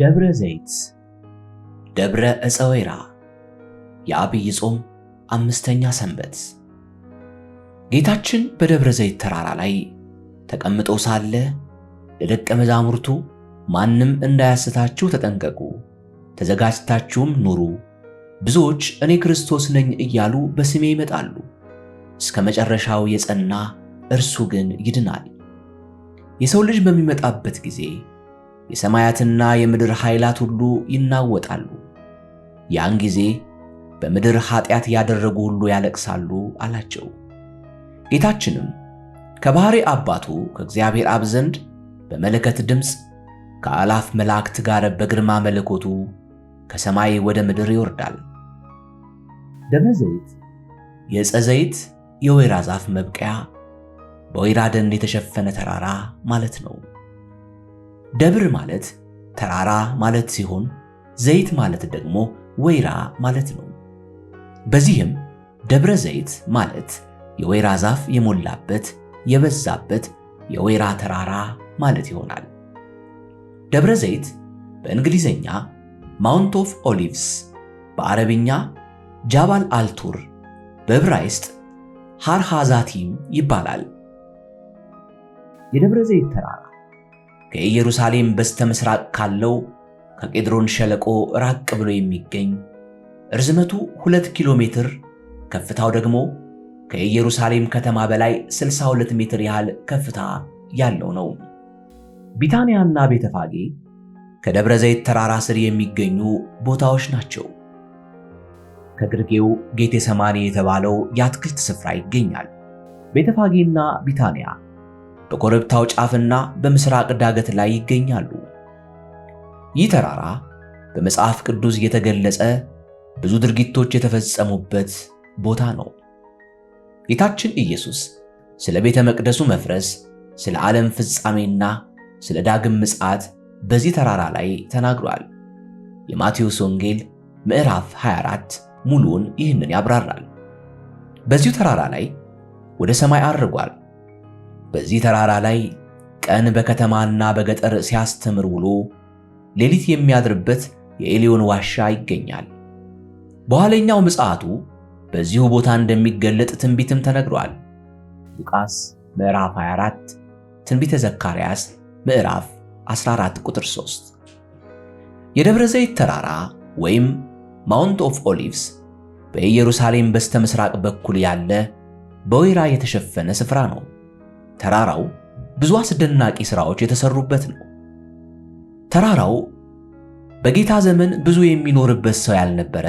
ደብረ ዘይት፣ ደብረ ዕፀ ወይራ የአብይ ጾም አምስተኛ ሰንበት። ጌታችን በደብረ ዘይት ተራራ ላይ ተቀምጦ ሳለ ለደቀ መዛሙርቱ ማንም እንዳያስታችሁ ተጠንቀቁ፣ ተዘጋጅታችሁም ኑሩ። ብዙዎች እኔ ክርስቶስ ነኝ እያሉ በስሜ ይመጣሉ፣ እስከ መጨረሻው የጸና እርሱ ግን ይድናል። የሰው ልጅ በሚመጣበት ጊዜ የሰማያትና የምድር ኃይላት ሁሉ ይናወጣሉ። ያን ጊዜ በምድር ኃጢአት ያደረጉ ሁሉ ያለቅሳሉ አላቸው። ጌታችንም ከባሕሪ አባቱ ከእግዚአብሔር አብ ዘንድ በመለከት ድምፅ ከአላፍ መላእክት ጋር በግርማ መለኮቱ ከሰማይ ወደ ምድር ይወርዳል። ደብረ ዘይት የዕፀ ዘይት የወይራ ዛፍ መብቀያ በወይራ ደን የተሸፈነ ተራራ ማለት ነው። ደብር ማለት ተራራ ማለት ሲሆን ዘይት ማለት ደግሞ ወይራ ማለት ነው። በዚህም ደብረ ዘይት ማለት የወይራ ዛፍ የሞላበት የበዛበት የወይራ ተራራ ማለት ይሆናል። ደብረ ዘይት በእንግሊዘኛ ማውንት ኦፍ ኦሊቭስ፣ በአረብኛ ጃባል አልቱር፣ በዕብራይስጥ ሃርሃዛቲም ይባላል። የደብረ ዘይት ተራራ ከኢየሩሳሌም በስተ ምስራቅ ካለው ከቄድሮን ሸለቆ ራቅ ብሎ የሚገኝ ርዝመቱ ሁለት ኪሎ ሜትር ከፍታው ደግሞ ከኢየሩሳሌም ከተማ በላይ 62 ሜትር ያህል ከፍታ ያለው ነው። ቢታንያና ቤተፋጌ ከደብረ ዘይት ተራራ ስር የሚገኙ ቦታዎች ናቸው። ከግርጌው ጌቴ ሰማኒ የተባለው የአትክልት ስፍራ ይገኛል። ቤተፋጌና ቢታንያ በኮረብታው ጫፍና በምስራቅ ዳገት ላይ ይገኛሉ። ይህ ተራራ በመጽሐፍ ቅዱስ የተገለጸ ብዙ ድርጊቶች የተፈጸሙበት ቦታ ነው። ጌታችን ኢየሱስ ስለ ቤተ መቅደሱ መፍረስ፣ ስለ ዓለም ፍጻሜና ስለ ዳግም ምጽአት በዚህ ተራራ ላይ ተናግሯል። የማቴዎስ ወንጌል ምዕራፍ 24 ሙሉውን ይህንን ያብራራል። በዚሁ ተራራ ላይ ወደ ሰማይ አርጓል። በዚህ ተራራ ላይ ቀን በከተማና በገጠር ሲያስተምር ውሎ ሌሊት የሚያድርበት የኤሊዮን ዋሻ ይገኛል። በኋለኛው ምጽአቱ በዚሁ ቦታ እንደሚገለጥ ትንቢትም ተነግሯል። ሉቃስ ምዕራፍ 24፣ ትንቢተ ዘካርያስ ምዕራፍ 14 ቁጥር 3። የደብረ ዘይት ተራራ ወይም ማውንት ኦፍ ኦሊቭስ በኢየሩሳሌም በስተ ምስራቅ በኩል ያለ በወይራ የተሸፈነ ስፍራ ነው። ተራራው ብዙ አስደናቂ ሥራዎች የተሰሩበት ነው። ተራራው በጌታ ዘመን ብዙ የሚኖርበት ሰው ያልነበረ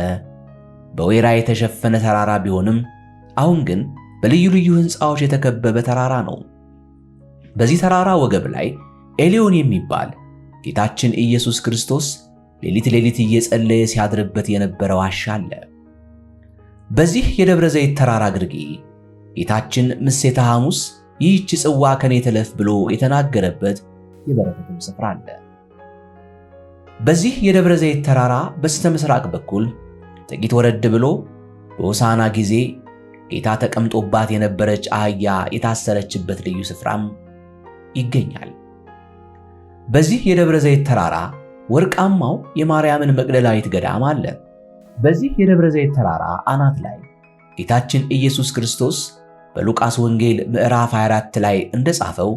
በወይራ የተሸፈነ ተራራ ቢሆንም አሁን ግን በልዩ ልዩ ሕንፃዎች የተከበበ ተራራ ነው። በዚህ ተራራ ወገብ ላይ ኤሊዮን የሚባል ጌታችን ኢየሱስ ክርስቶስ ሌሊት ሌሊት እየጸለየ ሲያድርበት የነበረ ዋሻ አለ። በዚህ የደብረ ዘይት ተራራ ግርጌ ጌታችን ምሴተ ሐሙስ ይህች ጽዋ ከኔ ተለፍ ብሎ የተናገረበት የበረከትም ስፍራ አለ። በዚህ የደብረ ዘይት ተራራ በስተ ምስራቅ በኩል ጥቂት ወረድ ብሎ በሆሳና ጊዜ ጌታ ተቀምጦባት የነበረች አህያ የታሰረችበት ልዩ ስፍራም ይገኛል። በዚህ የደብረ ዘይት ተራራ ወርቃማው የማርያምን መቅደላዊት ገዳም አለ። በዚህ የደብረ ዘይት ተራራ አናት ላይ ጌታችን ኢየሱስ ክርስቶስ በሉቃስ ወንጌል ምዕራፍ 24 ላይ እንደጻፈው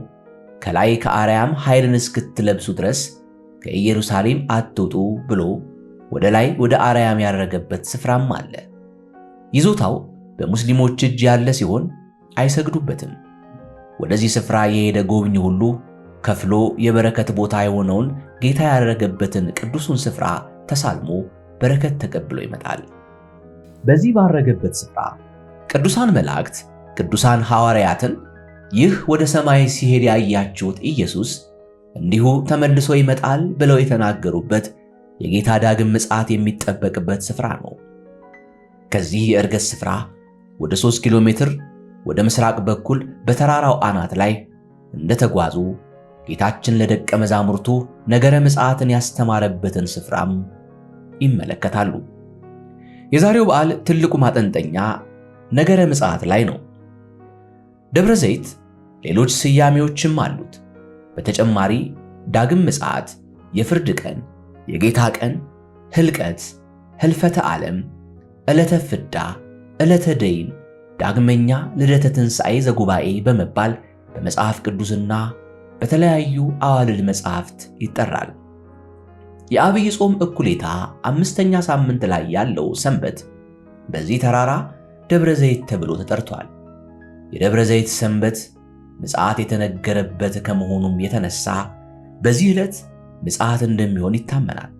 ከላይ ከአርያም ኃይልን እስክትለብሱ ድረስ ከኢየሩሳሌም አትውጡ ብሎ ወደ ላይ ወደ አርያም ያረገበት ስፍራም አለ። ይዞታው በሙስሊሞች እጅ ያለ ሲሆን አይሰግዱበትም። ወደዚህ ስፍራ የሄደ ጎብኝ ሁሉ ከፍሎ የበረከት ቦታ የሆነውን ጌታ ያረገበትን ቅዱሱን ስፍራ ተሳልሞ በረከት ተቀብሎ ይመጣል። በዚህ ባረገበት ስፍራ ቅዱሳን መላእክት ቅዱሳን ሐዋርያትን ይህ ወደ ሰማይ ሲሄድ ያያችሁት ኢየሱስ እንዲሁ ተመልሶ ይመጣል ብለው የተናገሩበት የጌታ ዳግም ምጽአት የሚጠበቅበት ስፍራ ነው። ከዚህ የእርገት ስፍራ ወደ 3 ኪሎ ሜትር ወደ ምስራቅ በኩል በተራራው አናት ላይ እንደተጓዙ ጌታችን ለደቀ መዛሙርቱ ነገረ ምጽአትን ያስተማረበትን ስፍራም ይመለከታሉ። የዛሬው በዓል ትልቁ ማጠንጠኛ ነገረ ምጽአት ላይ ነው። ደብረ ዘይት ሌሎች ስያሜዎችም አሉት። በተጨማሪ ዳግም ምጽአት፣ የፍርድ ቀን፣ የጌታ ቀን፣ ህልቀት፣ ህልፈተ ዓለም፣ ዕለተ ፍዳ፣ ዕለተ ደይን፣ ዳግመኛ ልደተ ትንሣኤ ዘጉባኤ በመባል በመጽሐፍ ቅዱስና በተለያዩ አዋልድ መጽሐፍት ይጠራል። የአብይ ጾም እኩሌታ አምስተኛ ሳምንት ላይ ያለው ሰንበት በዚህ ተራራ ደብረ ዘይት ተብሎ ተጠርቷል። የደብረ ዘይት ሰንበት ምጽዓት የተነገረበት ከመሆኑም የተነሳ በዚህ ዕለት ምጽዓት እንደሚሆን ይታመናል።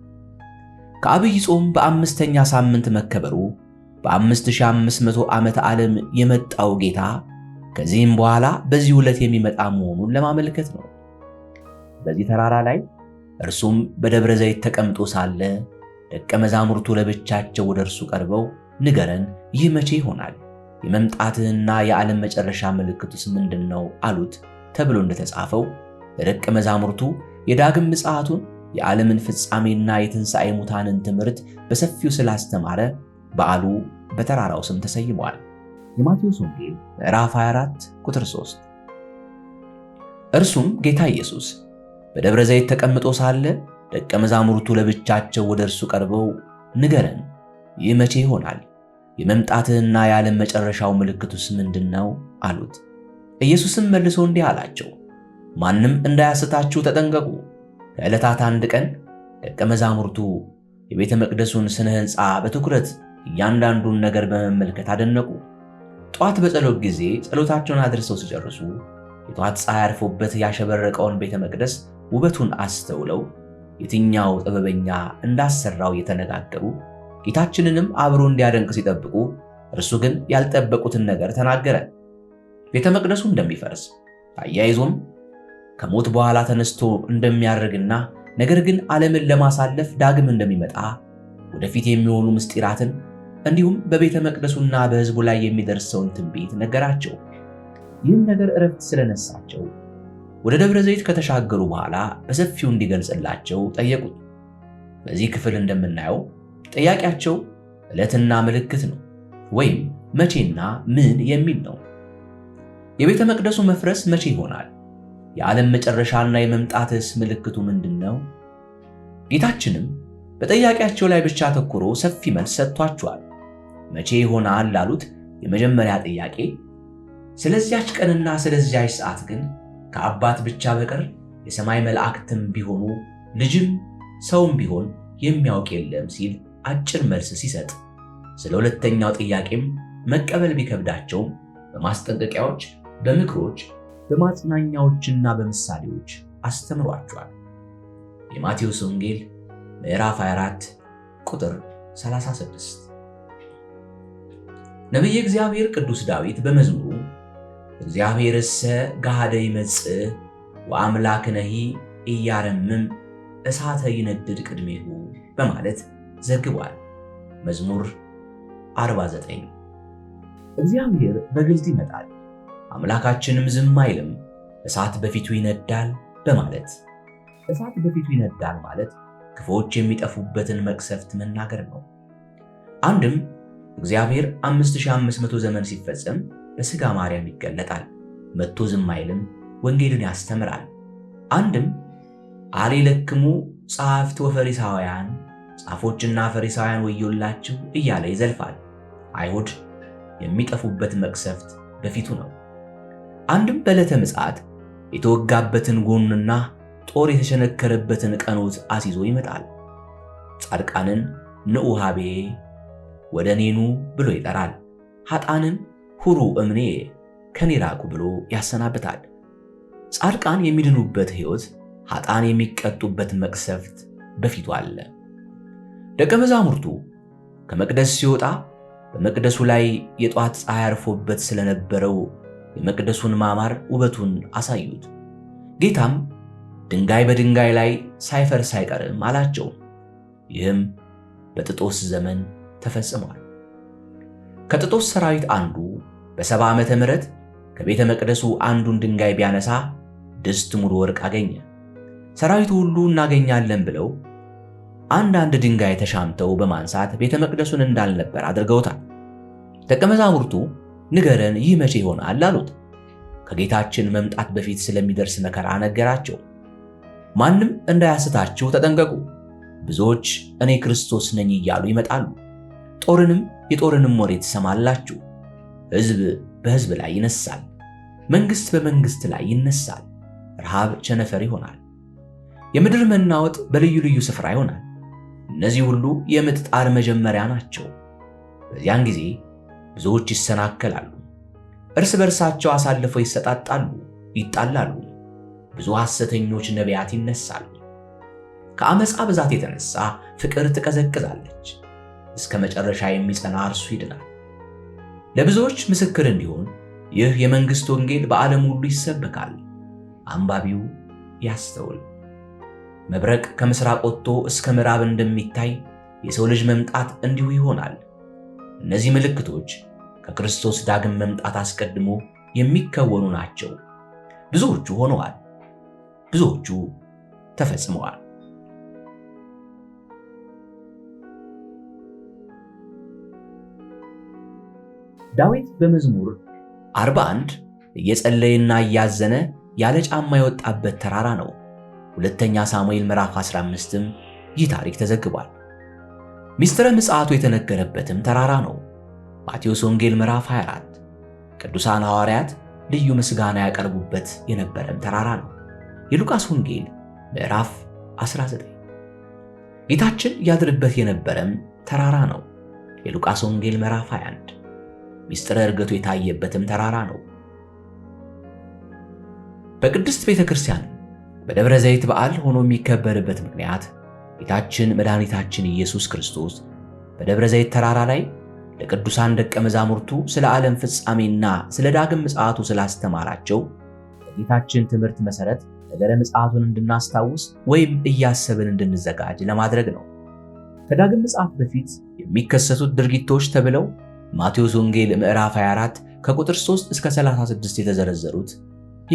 ከአብይ ጾም በአምስተኛ ሳምንት መከበሩ በ5500 ዓመተ ዓለም የመጣው ጌታ ከዚህም በኋላ በዚህ ዕለት የሚመጣ መሆኑን ለማመልከት ነው። በዚህ ተራራ ላይ እርሱም በደብረ ዘይት ተቀምጦ ሳለ ደቀ መዛሙርቱ ለብቻቸው ወደ እርሱ ቀርበው ንገረን፣ ይህ መቼ ይሆናል? የመምጣትህና የዓለም መጨረሻ ምልክቱስ ምንድን ነው አሉት ተብሎ እንደተጻፈው ደቀ መዛሙርቱ የዳግም ምጽአቱን የዓለምን ፍጻሜና የትንሣኤ ሙታንን ትምህርት በሰፊው ስላስተማረ በዓሉ በተራራው ስም ተሰይሟል። የማቴዎስ ወንጌል ምዕራፍ 24 ቁጥር 3። እርሱም ጌታ ኢየሱስ በደብረ ዘይት ተቀምጦ ሳለ ደቀ መዛሙርቱ ለብቻቸው ወደ እርሱ ቀርበው ንገረን፣ ይህ መቼ ይሆናል? የመምጣትህና የዓለም መጨረሻው ምልክቱስ ምንድን ነው? አሉት። ኢየሱስም መልሶ እንዲህ አላቸው፣ ማንም እንዳያስታችሁ ተጠንቀቁ። ከዕለታት አንድ ቀን ደቀ መዛሙርቱ የቤተ መቅደሱን ስነ ሕንፃ በትኩረት እያንዳንዱን ነገር በመመልከት አደነቁ። ጠዋት በጸሎት ጊዜ ጸሎታቸውን አድርሰው ሲጨርሱ የጠዋት ፀሐይ አርፎበት ያሸበረቀውን ቤተ መቅደስ ውበቱን አስተውለው የትኛው ጥበበኛ እንዳሰራው እየተነጋገሩ ጌታችንንም አብሮ እንዲያደንቅ ሲጠብቁ እርሱ ግን ያልጠበቁትን ነገር ተናገረ። ቤተ መቅደሱ እንደሚፈርስ አያይዞም ከሞት በኋላ ተነስቶ እንደሚያደርግና ነገር ግን ዓለምን ለማሳለፍ ዳግም እንደሚመጣ ወደፊት የሚሆኑ ምስጢራትን እንዲሁም በቤተ መቅደሱና በሕዝቡ ላይ የሚደርሰውን ትንቢት ነገራቸው። ይህም ነገር እረፍት ስለነሳቸው ወደ ደብረ ዘይት ከተሻገሩ በኋላ በሰፊው እንዲገልጽላቸው ጠየቁት። በዚህ ክፍል እንደምናየው ጥያቄያቸው ዕለትና ምልክት ነው ወይም መቼና ምን የሚል ነው። የቤተ መቅደሱ መፍረስ መቼ ይሆናል? የዓለም መጨረሻና የመምጣትስ ምልክቱ ምንድን ነው? ጌታችንም በጥያቄያቸው ላይ ብቻ አተኩሮ ሰፊ መልስ ሰጥቷቸዋል። መቼ ይሆናል ላሉት የመጀመሪያ ጥያቄ ስለዚያች ቀንና ስለዚያች ሰዓት ግን ከአባት ብቻ በቀር የሰማይ መላእክትም ቢሆኑ ልጅም ሰውም ቢሆን የሚያውቅ የለም ሲል አጭር መልስ ሲሰጥ፣ ስለ ሁለተኛው ጥያቄም መቀበል ቢከብዳቸውም በማስጠንቀቂያዎች፣ በምክሮች፣ በማጽናኛዎችና በምሳሌዎች አስተምሯቸዋል። የማቴዎስ ወንጌል ምዕራፍ 24 ቁጥር 36። ነቢየ እግዚአብሔር ቅዱስ ዳዊት በመዝሙሩ እግዚአብሔርሰ ገሃደ ይመጽእ ወአምላክነሂ እያረምም እሳተ ይነድድ ቅድሜሁ በማለት ዘግቧል። መዝሙር 49 እግዚአብሔር በግልጥ ይመጣል፣ አምላካችንም ዝም አይልም፣ እሳት በፊቱ ይነዳል በማለት እሳት በፊቱ ይነዳል ማለት ክፉዎች የሚጠፉበትን መቅሰፍት መናገር ነው። አንድም እግዚአብሔር 5500 ዘመን ሲፈጸም በሥጋ ማርያም ይገለጣል፣ መጥቶ ዝም አይልም፣ ወንጌልን ያስተምራል። አንድም አሌለክሙ ጸሐፍት ወፈሪሳውያን ጻፎችና ፈሪሳውያን ወዮላችሁ እያለ ይዘልፋል። አይሁድ የሚጠፉበት መቅሰፍት በፊቱ ነው። አንድም በዕለተ ምጽአት የተወጋበትን ጎንና ጦር የተሸነከረበትን ቀኖት አስይዞ ይመጣል። ጻድቃንን ንዑሃቤ ወደ እኔኑ ብሎ ይጠራል። ኃጣንን ሁሩ እምኔ ከኔ ራቁ ብሎ ያሰናብታል። ጻድቃን የሚድኑበት ሕይወት፣ ኃጣን የሚቀጡበት መቅሰፍት በፊቱ አለ። ደቀ መዛሙርቱ ከመቅደስ ሲወጣ በመቅደሱ ላይ የጧት ፀሐይ አርፎበት ስለነበረው የመቅደሱን ማማር ውበቱን አሳዩት። ጌታም ድንጋይ በድንጋይ ላይ ሳይፈርስ አይቀርም አላቸው። ይህም በጥጦስ ዘመን ተፈጽሟል። ከጥጦስ ሰራዊት አንዱ በሰባ ዓመተ ምህረት ከቤተ መቅደሱ አንዱን ድንጋይ ቢያነሳ ድስት ሙሉ ወርቅ አገኘ። ሰራዊቱ ሁሉ እናገኛለን ብለው አንዳንድ ድንጋይ ተሻምተው በማንሳት ቤተ መቅደሱን እንዳልነበር አድርገውታል። ደቀ መዛሙርቱ ንገረን፣ ይህ መቼ ይሆናል አሉት። ከጌታችን መምጣት በፊት ስለሚደርስ መከራ ነገራቸው። ማንም እንዳያስታችሁ ተጠንቀቁ። ብዙዎች እኔ ክርስቶስ ነኝ እያሉ ይመጣሉ። ጦርንም የጦርንም ወሬ ትሰማላችሁ። ሕዝብ በሕዝብ ላይ ይነሳል፣ መንግሥት በመንግሥት ላይ ይነሳል። ረሃብ ቸነፈር ይሆናል። የምድር መናወጥ በልዩ ልዩ ስፍራ ይሆናል። እነዚህ ሁሉ የምጥ ጣር መጀመሪያ ናቸው። በዚያን ጊዜ ብዙዎች ይሰናከላሉ፣ እርስ በርሳቸው አሳልፈው ይሰጣጣሉ፣ ይጣላሉ። ብዙ ሐሰተኞች ነቢያት ይነሳሉ። ከአመፃ ብዛት የተነሳ ፍቅር ትቀዘቅዛለች። እስከ መጨረሻ የሚጸና እርሱ ይድናል። ለብዙዎች ምስክር እንዲሆን ይህ የመንግሥት ወንጌል በዓለም ሁሉ ይሰበካል። አንባቢው ያስተውል። መብረቅ ከምሥራቅ ወጥቶ እስከ ምዕራብ እንደሚታይ የሰው ልጅ መምጣት እንዲሁ ይሆናል። እነዚህ ምልክቶች ከክርስቶስ ዳግም መምጣት አስቀድሞ የሚከወኑ ናቸው። ብዙዎቹ ሆነዋል፣ ብዙዎቹ ተፈጽመዋል። ዳዊት በመዝሙር 41 እየጸለየና እያዘነ ያለ ጫማ የወጣበት ተራራ ነው። ሁለተኛ ሳሙኤል ምዕራፍ 15ም ይህ ታሪክ ተዘግቧል። ሚስጥረ ምጽአቱ የተነገረበትም ተራራ ነው። ማቴዎስ ወንጌል ምዕራፍ 24 ቅዱሳን ሐዋርያት ልዩ ምስጋና ያቀርቡበት የነበረም ተራራ ነው። የሉቃስ ወንጌል ምዕራፍ 19 ጌታችን ያድርበት የነበረም ተራራ ነው። የሉቃስ ወንጌል ምዕራፍ 21 ሚስጥረ እርገቱ የታየበትም ተራራ ነው። በቅድስት ቤተ በደብረ ዘይት በዓል ሆኖ የሚከበርበት ምክንያት ጌታችን መድኃኒታችን ኢየሱስ ክርስቶስ በደብረ ዘይት ተራራ ላይ ለቅዱሳን ደቀ መዛሙርቱ ስለ ዓለም ፍጻሜና ስለ ዳግም ምጽአቱ ስላስተማራቸው በጌታችን ትምህርት መሠረት ነገረ ምጽአቱን እንድናስታውስ ወይም እያሰብን እንድንዘጋጅ ለማድረግ ነው። ከዳግም ምጽአት በፊት የሚከሰቱት ድርጊቶች ተብለው ማቴዎስ ወንጌል ምዕራፍ 24 ከቁጥር 3 እስከ 36 የተዘረዘሩት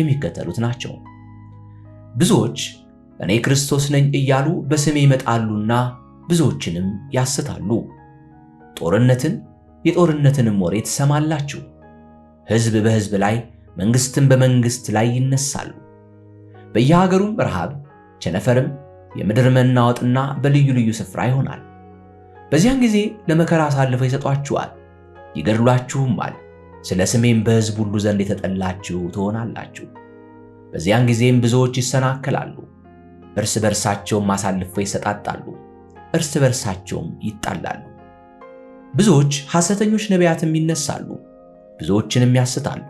የሚከተሉት ናቸው። ብዙዎች እኔ ክርስቶስ ነኝ እያሉ በስሜ ይመጣሉና ብዙዎችንም ያስታሉ። ጦርነትን የጦርነትንም ወሬ ትሰማላችሁ። ሕዝብ በሕዝብ ላይ መንግሥትም በመንግሥት ላይ ይነሳሉ። በየሀገሩም ረሃብ፣ ቸነፈርም፣ የምድር መናወጥና በልዩ ልዩ ስፍራ ይሆናል። በዚያን ጊዜ ለመከራ አሳልፈው ይሰጧችኋል፣ ይገድሏችሁማል። ስለ ስሜም በሕዝብ ሁሉ ዘንድ የተጠላችሁ ትሆናላችሁ። በዚያን ጊዜም ብዙዎች ይሰናከላሉ፣ እርስ በርሳቸውም አሳልፈው ይሰጣጣሉ፣ እርስ በርሳቸውም ይጣላሉ። ብዙዎች ሐሰተኞች ነቢያትም ይነሳሉ፣ ብዙዎችንም ያስታሉ።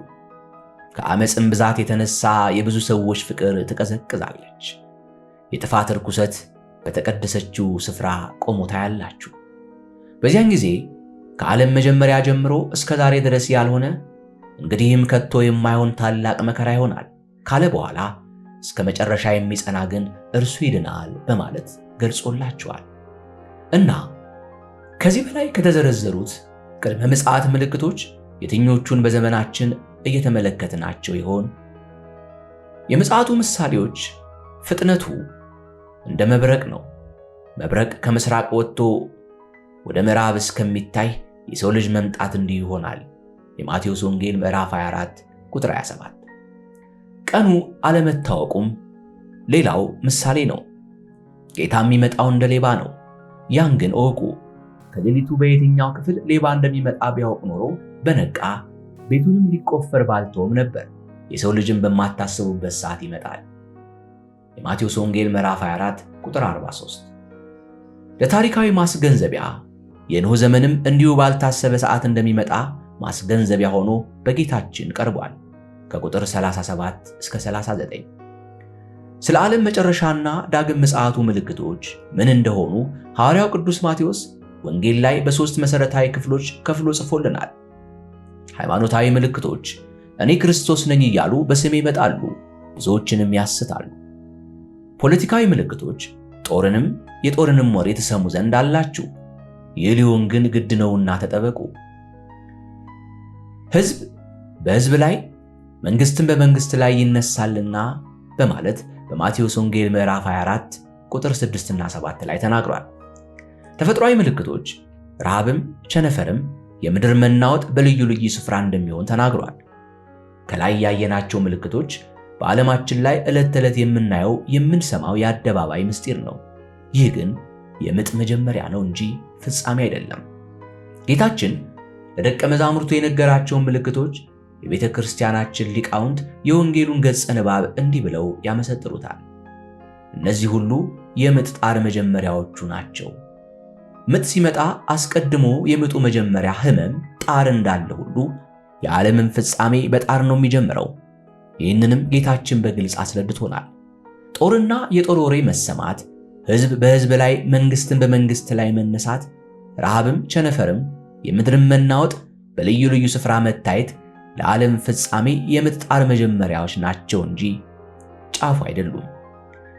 ከዓመፅም ብዛት የተነሳ የብዙ ሰዎች ፍቅር ትቀዘቅዛለች። የጥፋት ርኩሰት በተቀደሰችው ስፍራ ቆሞ ታያላችሁ። በዚያን ጊዜ ከዓለም መጀመሪያ ጀምሮ እስከ ዛሬ ድረስ ያልሆነ እንግዲህም ከቶ የማይሆን ታላቅ መከራ ይሆናል። ካለ በኋላ እስከ መጨረሻ የሚጸና ግን እርሱ ይድናል በማለት ገልጾላቸዋል። እና ከዚህ በላይ ከተዘረዘሩት ቅድመ ምጽአት ምልክቶች የትኞቹን በዘመናችን እየተመለከትናቸው ይሆን? የምጽአቱ ምሳሌዎች ፍጥነቱ እንደ መብረቅ ነው። መብረቅ ከምስራቅ ወጥቶ ወደ ምዕራብ እስከሚታይ የሰው ልጅ መምጣት እንዲህ ይሆናል። የማቴዎስ ወንጌል ምዕራፍ 24 ቁጥር 27 ቀኑ አለመታወቁም ሌላው ምሳሌ ነው። ጌታ የሚመጣው እንደ ሌባ ነው። ያን ግን እወቁ። ከሌሊቱ በየትኛው ክፍል ሌባ እንደሚመጣ ቢያውቅ ኖሮ በነቃ ቤቱንም ሊቆፈር ባልተውም ነበር። የሰው ልጅን በማታስቡበት ሰዓት ይመጣል። የማቴዎስ ወንጌል ምዕራፍ 24 ቁጥር 43። ለታሪካዊ ማስገንዘቢያ የኖህ ዘመንም እንዲሁ ባልታሰበ ሰዓት እንደሚመጣ ማስገንዘቢያ ሆኖ በጌታችን ቀርቧል። ከቁጥር 37 እስከ 39 ስለ ዓለም መጨረሻና ዳግም ምጽአቱ ምልክቶች ምን እንደሆኑ ሐዋርያው ቅዱስ ማቴዎስ ወንጌል ላይ በሦስት መሠረታዊ ክፍሎች ከፍሎ ጽፎልናል። ሃይማኖታዊ ምልክቶች እኔ ክርስቶስ ነኝ እያሉ በስሜ ይመጣሉ፣ ብዙዎችንም ያስታሉ። ፖለቲካዊ ምልክቶች ጦርንም የጦርንም ወሬ ትሰሙ ዘንድ አላችሁ፣ ይህ ሊሆን ግን ግድ ነውና ተጠበቁ። ሕዝብ በሕዝብ ላይ መንግሥትም በመንግሥት ላይ ይነሳልና በማለት በማቴዎስ ወንጌል ምዕራፍ 24 ቁጥር 6 እና 7 ላይ ተናግሯል። ተፈጥሯዊ ምልክቶች ረሃብም፣ ቸነፈርም፣ የምድር መናወጥ በልዩ ልዩ ስፍራ እንደሚሆን ተናግሯል። ከላይ ያየናቸው ምልክቶች በዓለማችን ላይ ዕለት ተዕለት የምናየው የምንሰማው የአደባባይ ምስጢር ነው። ይህ ግን የምጥ መጀመሪያ ነው እንጂ ፍጻሜ አይደለም። ጌታችን ለደቀ መዛሙርቱ የነገራቸውን ምልክቶች የቤተ ክርስቲያናችን ሊቃውንት የወንጌሉን ገጸ ንባብ እንዲህ ብለው ያመሰጥሩታል። እነዚህ ሁሉ የምጥ ጣር መጀመሪያዎቹ ናቸው። ምጥ ሲመጣ አስቀድሞ የምጡ መጀመሪያ ሕመም ጣር እንዳለ ሁሉ የዓለምን ፍጻሜ በጣር ነው የሚጀምረው። ይህንንም ጌታችን በግልጽ አስረድቶናል። ጦርና የጦር ወሬ መሰማት፣ ሕዝብ በሕዝብ ላይ መንግሥትን በመንግሥት ላይ መነሳት፣ ረሃብም ቸነፈርም፣ የምድርም መናወጥ፣ በልዩ ልዩ ስፍራ መታየት ለዓለም ፍጻሜ የምጣር መጀመሪያዎች ናቸው እንጂ ጫፉ አይደሉም።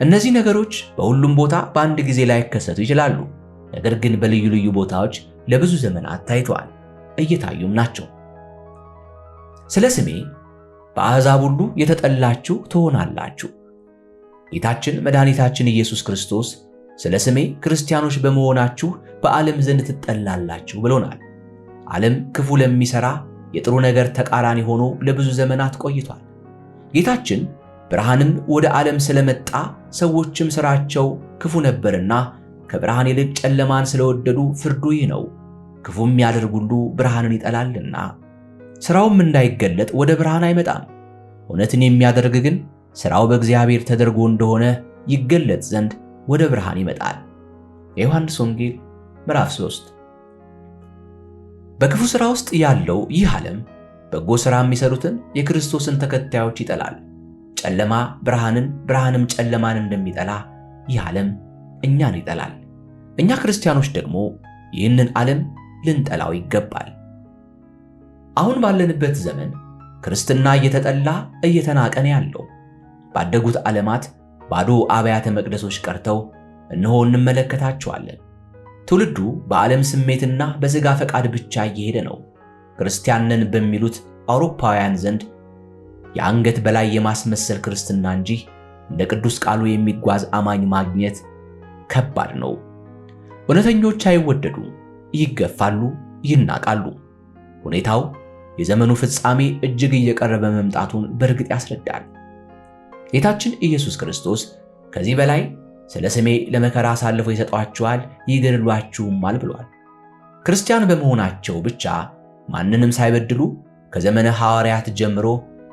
እነዚህ ነገሮች በሁሉም ቦታ በአንድ ጊዜ ላይከሰቱ ይችላሉ። ነገር ግን በልዩ ልዩ ቦታዎች ለብዙ ዘመናት ታይተዋል፣ እየታዩም ናቸው። ስለ ስሜ በአሕዛብ ሁሉ የተጠላችሁ ትሆናላችሁ። ጌታችን መድኃኒታችን ኢየሱስ ክርስቶስ ስለ ስሜ ክርስቲያኖች በመሆናችሁ በዓለም ዘንድ ትጠላላችሁ ብሎናል። ዓለም ክፉ ለሚሠራ የጥሩ ነገር ተቃራኒ ሆኖ ለብዙ ዘመናት ቆይቷል። ጌታችን ብርሃንም ወደ ዓለም ስለመጣ ሰዎችም ሥራቸው ክፉ ነበርና ከብርሃን ይልቅ ጨለማን ስለወደዱ ፍርዱ ይህ ነው፣ ክፉም ያደርግ ሁሉ ብርሃንን ይጠላልና ሥራውም እንዳይገለጥ ወደ ብርሃን አይመጣም። እውነትን የሚያደርግ ግን ሥራው በእግዚአብሔር ተደርጎ እንደሆነ ይገለጥ ዘንድ ወደ ብርሃን ይመጣል። የዮሐንስ ወንጌል ምዕራፍ 3 በክፉ ሥራ ውስጥ ያለው ይህ ዓለም በጎ ሥራ የሚሰሩትን የክርስቶስን ተከታዮች ይጠላል። ጨለማ ብርሃንን፣ ብርሃንም ጨለማን እንደሚጠላ ይህ ዓለም እኛን ይጠላል። እኛ ክርስቲያኖች ደግሞ ይህንን ዓለም ልንጠላው ይገባል። አሁን ባለንበት ዘመን ክርስትና እየተጠላ እየተናቀን ያለው። ባደጉት ዓለማት ባዶ አብያተ መቅደሶች ቀርተው እነሆ እንመለከታቸዋለን። ትውልዱ በዓለም ስሜትና በሥጋ ፈቃድ ብቻ እየሄደ ነው። ክርስቲያንን በሚሉት አውሮፓውያን ዘንድ የአንገት በላይ የማስመሰል ክርስትና እንጂ እንደ ቅዱስ ቃሉ የሚጓዝ አማኝ ማግኘት ከባድ ነው። እውነተኞች አይወደዱም፣ ይገፋሉ፣ ይናቃሉ። ሁኔታው የዘመኑ ፍጻሜ እጅግ እየቀረበ መምጣቱን በእርግጥ ያስረዳል። ጌታችን ኢየሱስ ክርስቶስ ከዚህ በላይ ስለ ስሜ ለመከራ አሳልፎ ይሰጧችኋል፣ ይገድሏችሁማል ብሏል። ክርስቲያን በመሆናቸው ብቻ ማንንም ሳይበድሉ ከዘመነ ሐዋርያት ጀምሮ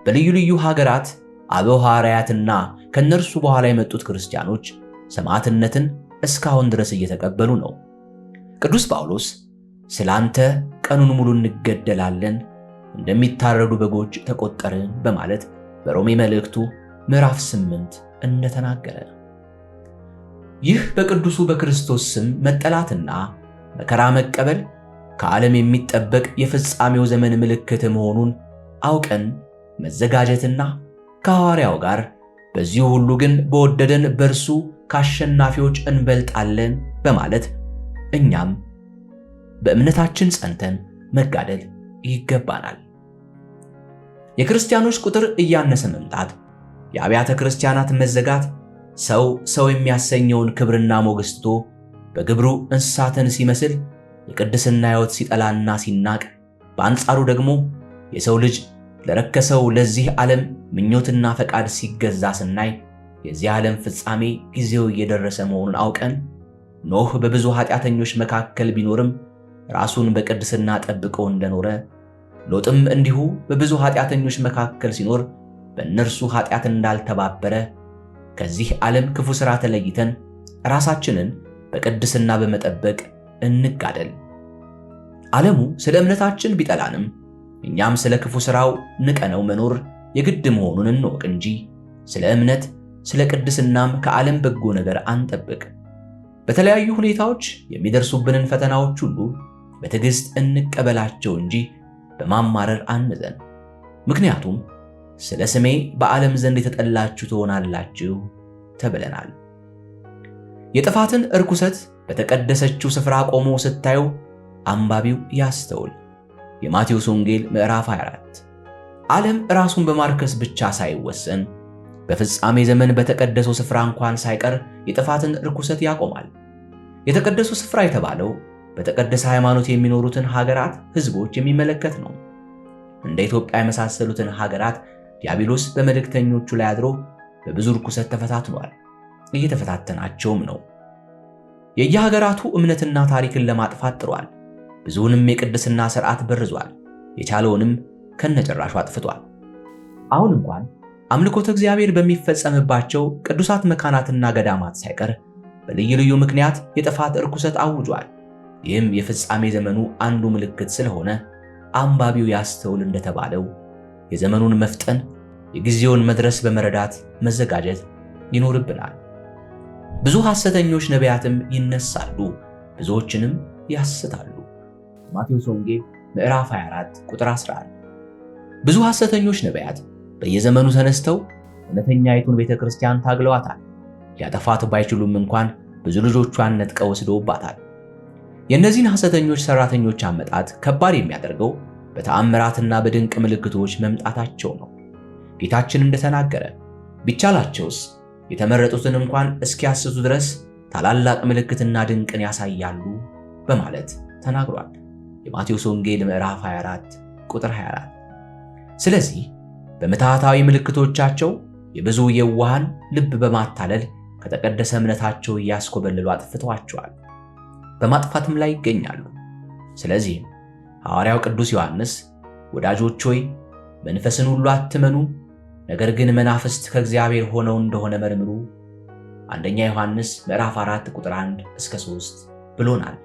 በልዩ ልዩ ሀገራት አበው ሐዋርያትና ከእነርሱ በኋላ የመጡት ክርስቲያኖች ሰማዕትነትን እስካሁን ድረስ እየተቀበሉ ነው። ቅዱስ ጳውሎስ ስላንተ ቀኑን ሙሉ እንገደላለን፣ እንደሚታረዱ በጎች ተቆጠርን በማለት በሮሜ መልእክቱ ምዕራፍ ስምንት እንደተናገረ ይህ በቅዱሱ በክርስቶስ ስም መጠላትና መከራ መቀበል ከዓለም የሚጠበቅ የፍጻሜው ዘመን ምልክት መሆኑን አውቀን መዘጋጀትና ከሐዋርያው ጋር በዚሁ ሁሉ ግን በወደደን በእርሱ ከአሸናፊዎች እንበልጣለን በማለት እኛም በእምነታችን ጸንተን መጋደል ይገባናል። የክርስቲያኖች ቁጥር እያነሰ መምጣት፣ የአብያተ ክርስቲያናት መዘጋት ሰው ሰው የሚያሰኘውን ክብርና ሞገስ ትቶ በግብሩ እንስሳትን ሲመስል የቅድስና ሕይወት ሲጠላና ሲናቅ፣ በአንጻሩ ደግሞ የሰው ልጅ ለረከሰው ለዚህ ዓለም ምኞትና ፈቃድ ሲገዛ ስናይ የዚህ ዓለም ፍጻሜ ጊዜው እየደረሰ መሆኑን አውቀን ኖህ በብዙ ኃጢአተኞች መካከል ቢኖርም ራሱን በቅድስና ጠብቆ እንደኖረ ሎጥም እንዲሁ በብዙ ኃጢአተኞች መካከል ሲኖር በእነርሱ ኃጢአት እንዳልተባበረ ከዚህ ዓለም ክፉ ሥራ ተለይተን ራሳችንን በቅድስና በመጠበቅ እንጋደል። ዓለሙ ስለ እምነታችን ቢጠላንም እኛም ስለ ክፉ ሥራው ንቀነው መኖር የግድ መሆኑን እንወቅ እንጂ ስለ እምነት ስለ ቅድስናም ከዓለም በጎ ነገር አንጠብቅ። በተለያዩ ሁኔታዎች የሚደርሱብንን ፈተናዎች ሁሉ በትዕግሥት እንቀበላቸው እንጂ በማማረር አንዘን። ምክንያቱም ስለ ስሜ በዓለም ዘንድ የተጠላችሁ ትሆናላችሁ ተብለናል። የጥፋትን እርኩሰት በተቀደሰችው ስፍራ ቆሞ ስታዩ አንባቢው ያስተውል። የማቴዎስ ወንጌል ምዕራፍ 24 ዓለም ራሱን በማርከስ ብቻ ሳይወሰን በፍጻሜ ዘመን በተቀደሰው ስፍራ እንኳን ሳይቀር የጥፋትን እርኩሰት ያቆማል። የተቀደሱ ስፍራ የተባለው በተቀደሰ ሃይማኖት የሚኖሩትን ሀገራት ህዝቦች የሚመለከት ነው። እንደ ኢትዮጵያ የመሳሰሉትን ሀገራት ዲያብሎስ በመልእክተኞቹ ላይ አድሮ በብዙ ርኩሰት ተፈታትኗል። እየተፈታተናቸውም ነው። የየሀገራቱ እምነትና ታሪክን ለማጥፋት ጥሯል። ብዙውንም የቅድስና ሥርዓት በርዟል። የቻለውንም ከነጭራሹ አጥፍቷል። አሁን እንኳን አምልኮተ እግዚአብሔር በሚፈጸምባቸው ቅዱሳት መካናትና ገዳማት ሳይቀር በልዩ ልዩ ምክንያት የጥፋት እርኩሰት አውጇል። ይህም የፍጻሜ ዘመኑ አንዱ ምልክት ስለሆነ አንባቢው ያስተውል እንደተባለው የዘመኑን መፍጠን የጊዜውን መድረስ በመረዳት መዘጋጀት ይኖርብናል። ብዙ ሐሰተኞች ነቢያትም ይነሳሉ፣ ብዙዎችንም ያስታሉ። ማቴዎስ ወንጌል ምዕራፍ 24 ቁጥር 11። ብዙ ሐሰተኞች ነቢያት በየዘመኑ ተነስተው እውነተኛይቱን ቤተ ክርስቲያን ታግለዋታል። ሊያጠፋት ባይችሉም እንኳን ብዙ ልጆቿን ነጥቀው ወስደውባታል። የእነዚህን ሐሰተኞች ሠራተኞች አመጣት ከባድ የሚያደርገው በተአምራትና በድንቅ ምልክቶች መምጣታቸው ነው። ጌታችን እንደተናገረ ቢቻላቸውስ የተመረጡትን እንኳን እስኪያስቱ ድረስ ታላላቅ ምልክትና ድንቅን ያሳያሉ በማለት ተናግሯል። የማቴዎስ ወንጌል ምዕራፍ 24 ቁጥር 24። ስለዚህ በምትሃታዊ ምልክቶቻቸው የብዙ የዋሃን ልብ በማታለል ከተቀደሰ እምነታቸው እያስኮበለሉ አጥፍተዋቸዋል፣ በማጥፋትም ላይ ይገኛሉ። ስለዚህም ሐዋርያው ቅዱስ ዮሐንስ ወዳጆች ሆይ መንፈስን ሁሉ አትመኑ ነገር ግን መናፍስት ከእግዚአብሔር ሆነው እንደሆነ መርምሩ፣ አንደኛ ዮሐንስ ምዕራፍ 4 ቁጥር 1 እስከ 3 ብሎናል።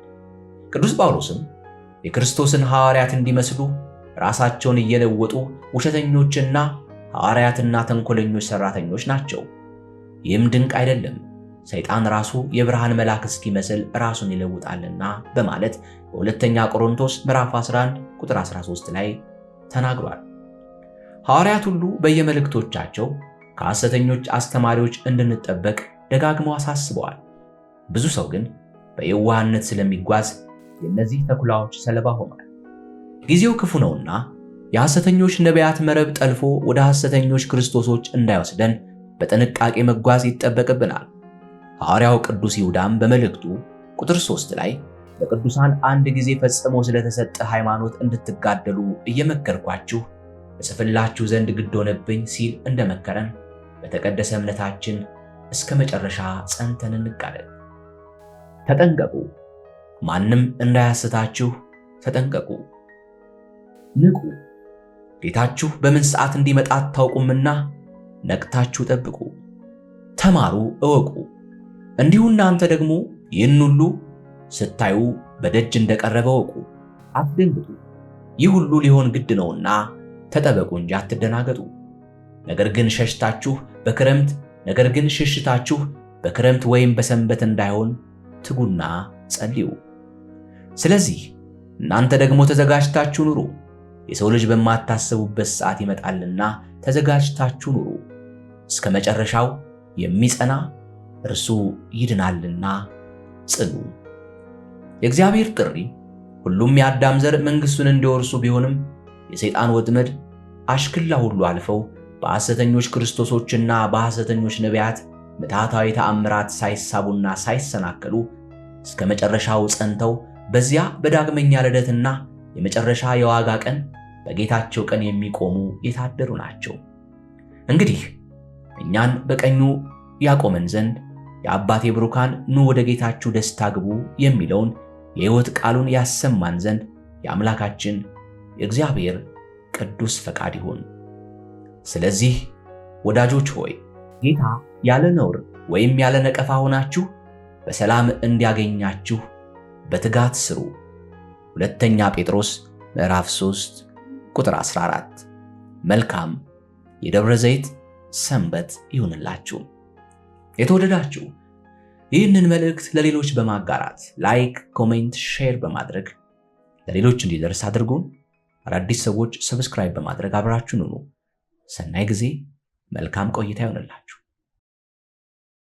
ቅዱስ ጳውሎስም የክርስቶስን ሐዋርያት እንዲመስሉ ራሳቸውን እየለወጡ ውሸተኞችና ሐዋርያትና ተንኮለኞች ሠራተኞች ናቸው። ይህም ድንቅ አይደለም፣ ሰይጣን ራሱ የብርሃን መልአክ እስኪመስል ራሱን ይለውጣልና በማለት በሁለተኛ ቆሮንቶስ ምዕራፍ 11 ቁጥር 13 ላይ ተናግሯል። ሐዋርያት ሁሉ በየመልእክቶቻቸው ከሐሰተኞች አስተማሪዎች እንድንጠበቅ ደጋግመው አሳስበዋል። ብዙ ሰው ግን በየዋህነት ስለሚጓዝ የእነዚህ ተኩላዎች ሰለባ ሆኗል። ጊዜው ክፉ ነውና የሐሰተኞች ነቢያት መረብ ጠልፎ ወደ ሐሰተኞች ክርስቶሶች እንዳይወስደን በጥንቃቄ መጓዝ ይጠበቅብናል። ሐዋርያው ቅዱስ ይሁዳም በመልእክቱ ቁጥር 3 ላይ ለቅዱሳን አንድ ጊዜ ፈጽሞ ስለተሰጠ ሃይማኖት እንድትጋደሉ እየመከርኳችሁ እጽፍላችሁ ዘንድ ግድ ሆነብኝ ሲል እንደመከረን በተቀደሰ እምነታችን እስከ መጨረሻ ጸንተን እንቃለን። ተጠንቀቁ፣ ማንም እንዳያስታችሁ ተጠንቀቁ። ንቁ፣ ጌታችሁ በምን ሰዓት እንዲመጣ አታውቁምና ነቅታችሁ ጠብቁ። ተማሩ፣ እወቁ። እንዲሁ እናንተ ደግሞ ይህን ሁሉ ስታዩ በደጅ እንደቀረበ እወቁ። አትደንግጡ፣ ይህ ሁሉ ሊሆን ግድ ነውና ተጠበቁ እንጂ አትደናገጡ። ነገር ግን ሸሽታችሁ በክረምት ነገር ግን ሽሽታችሁ በክረምት ወይም በሰንበት እንዳይሆን ትጉና ጸልዩ። ስለዚህ እናንተ ደግሞ ተዘጋጅታችሁ ኑሩ፣ የሰው ልጅ በማታስቡበት ሰዓት ይመጣልና ተዘጋጅታችሁ ኑሩ። እስከ መጨረሻው የሚጸና እርሱ ይድናልና ጽኑ። የእግዚአብሔር ጥሪ ሁሉም የአዳም ዘር መንግሥቱን እንዲወርሱ ቢሆንም የሰይጣን ወጥመድ አሽክላ ሁሉ አልፈው በሐሰተኞች ክርስቶሶችና በሐሰተኞች ነቢያት ምትሃታዊ ተአምራት ሳይሳቡና ሳይሰናከሉ እስከ መጨረሻው ጸንተው በዚያ በዳግመኛ ልደትና የመጨረሻ የዋጋ ቀን በጌታቸው ቀን የሚቆሙ የታደሉ ናቸው። እንግዲህ እኛን በቀኙ ያቆመን ዘንድ የአባቴ ብሩካን ኑ ወደ ጌታችሁ ደስታ ግቡ የሚለውን የሕይወት ቃሉን ያሰማን ዘንድ የአምላካችን የእግዚአብሔር ቅዱስ ፈቃድ ይሁን። ስለዚህ ወዳጆች ሆይ ጌታ ያለ ነውር ወይም ያለ ነቀፋ ሆናችሁ በሰላም እንዲያገኛችሁ በትጋት ስሩ። ሁለተኛ ጴጥሮስ ምዕራፍ 3 ቁጥር 14። መልካም የደብረ ዘይት ሰንበት ይሁንላችሁ። የተወደዳችሁ ይህንን መልእክት ለሌሎች በማጋራት ላይክ፣ ኮሜንት፣ ሼር በማድረግ ለሌሎች እንዲደርስ አድርጉን። አዳዲስ ሰዎች ሰብስክራይብ በማድረግ አብራችሁን ሁኑ። ሰናይ ጊዜ፣ መልካም ቆይታ ይሆንላችሁ።